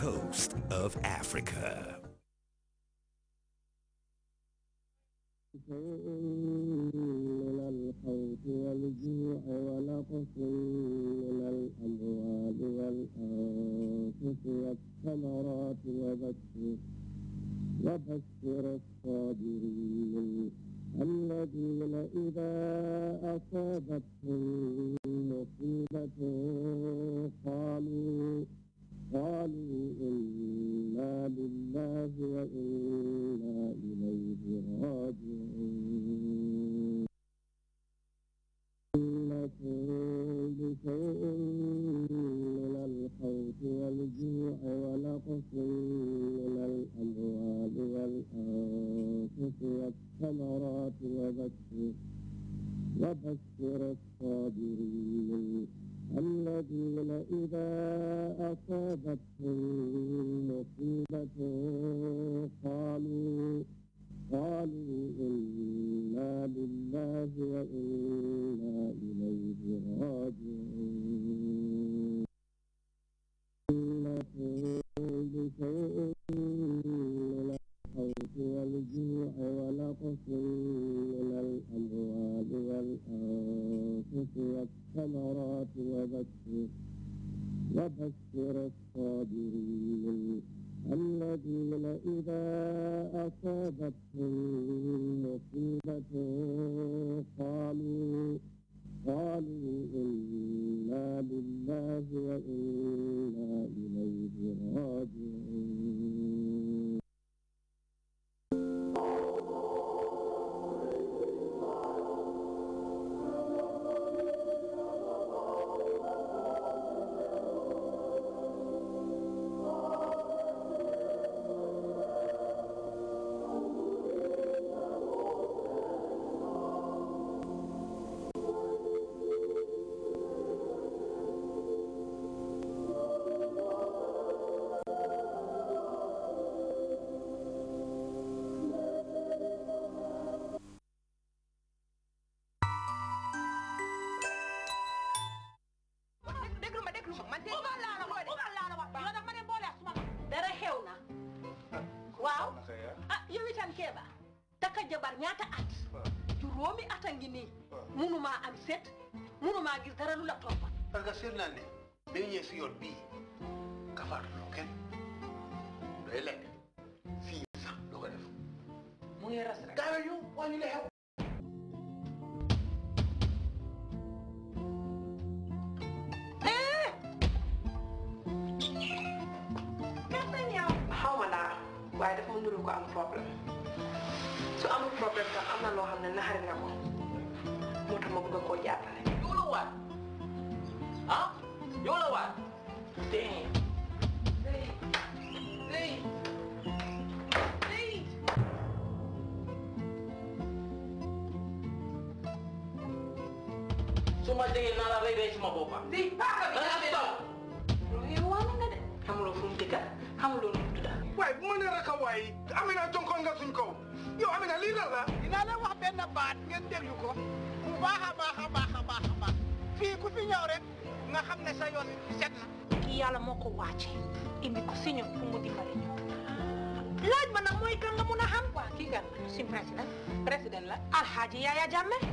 coast of Africa. وبشر الصابرين الذين إذا أصابتهم قالوا قالوا إنا لله وإنا إليه راجعون إنه بشيء من الخوف والجوع ونقص من الأموال والأنفس والثمرات وبشر وبشر الصابرين الذين إذا أصابتهم مصيبة قالوا قالوا إنا لله وإنا إليه راجعون ñaata at. juróomi at a ngi nii. munumaa am set dara lu la toppat. parce que seet naa ne bi ñu ñëwee si yoon bii kafaar loo kenn day lekk fii sax doo ko def. mu ngi ras rek gaawee ñu wax ñu li xew. Eh! waaye dafa ma nuru ko am problème. su amul problème tam am na loo xam na ko moo ma bëgg yow la ah yow la waat dégg suma dégg naa la rëy ci ma boppam. lii bi yaa ngi daw. loolu nga de. fu mu dëkka xamuloo nu tudda. waaye bu ma rek a waay Amina jonkoon nga suñ kaw. yow Amina lii lan la. dinaa leen wax benn baat ngeen déglu ko bu baax a baax a baax a baax fii ku fi ñëw rek nga xam ne sa yoon set na. kii yàlla moo ko wàcce indi ko si ñun pour mu dimbale ñu. laaj ma nag mooy kan nga mun a xam. waa kii kan suñu la. Alhaji Yaya Jammeh.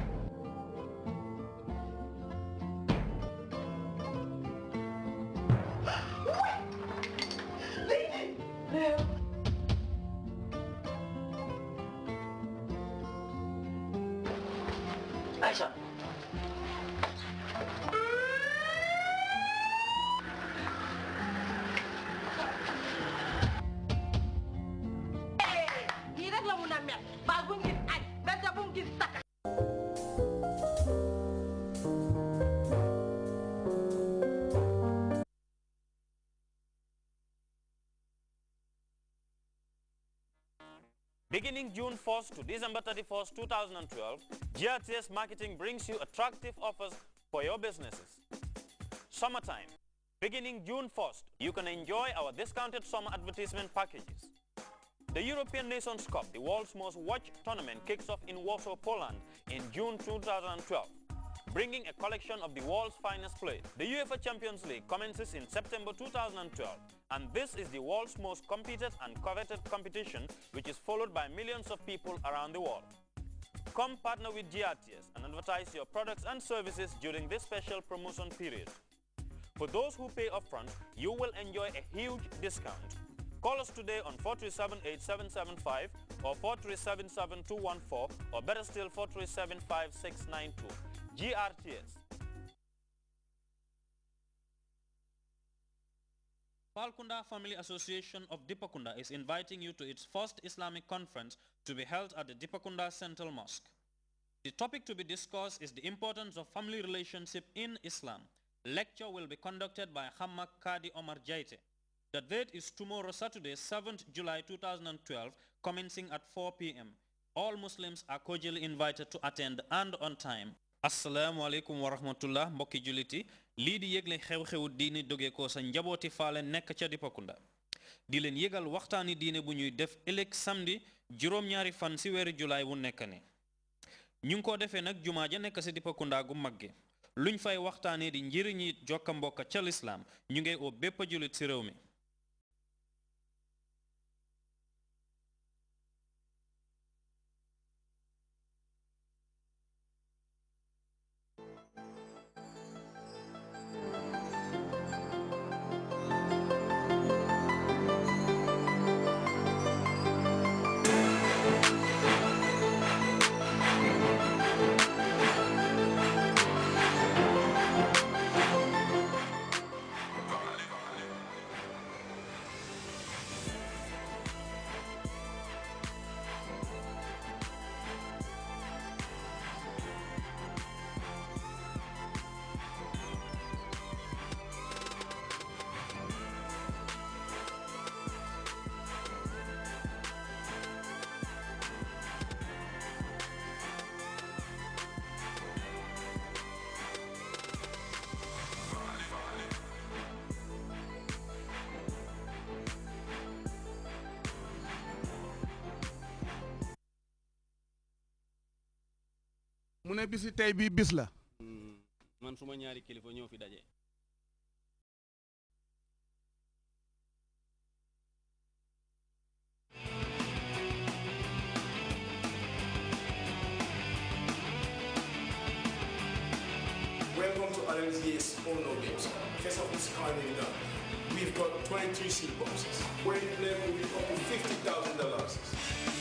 Beginning June 1st to December 31st, 2012, GRTS Marketing brings you attractive offers for your businesses. Summertime. Beginning June 1st, you can enjoy our discounted summer advertisement packages. The European Nations Cup, the world's most watched tournament, kicks off in Warsaw, Poland in June 2012, bringing a collection of the world's finest players. The UEFA Champions League commences in September 2012 and this is the world's most competed and coveted competition, which is followed by millions of people around the world. Come partner with GRTS and advertise your products and services during this special promotion period. For those who pay upfront, you will enjoy a huge discount. Call us today on 437-8775 or 437-7214 or better still 437-5692. GRTS, Palkunda Family Association of Dipakunda is inviting you to its first Islamic conference to be held at the Dipakunda Central Mosque. The topic to be discussed is the importance of family relationship in Islam. Lecture will be conducted by Hammak Kadi Omar Jaite. The date is tomorrow Saturday, 7th July 2012, commencing at 4 p.m. All Muslims are cordially invited to attend and on time. asalaamaaleykum wa rahmatullah mbokki jullit lii di yëgle xew-xewu diine doge ko sa njabooti faale nekk ca Dipakunda di leen yëgal waxtaani diine bu ñuy def ëllëg samedi juróom-ñaari fan si weeru julaay wu nekk ni ñu ngi ko defee nag jumaa ja nekk si Dipakunda gu mag gi luñ fay waxtaanee di njëriñi jokka mbokka ca lislaam ñu ngay oo bépp jullit si réew mi bisi bis la. Hmm, man suma ñaari kilifa ñoo fi daje. Welcome to RMC's Ono Games, first of its kind in We've got 23 seed boxes, where you play with up $50,000.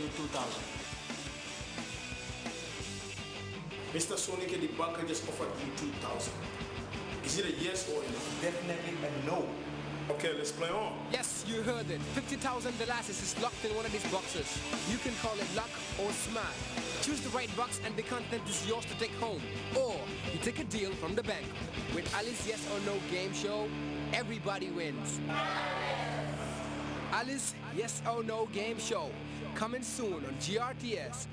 2000. Mr. Sonic the banker just offered you 2000 Is it a yes or a no? Definitely a no. Okay, let's play on. Yes, you heard it. 50,000 dollars is locked in one of these boxes. You can call it luck or smart. Choose the right box and the content is yours to take home. Or you take a deal from the bank. With Alice Yes or No game show, everybody wins. Alice Yes or No game show. Coming soon on GRTS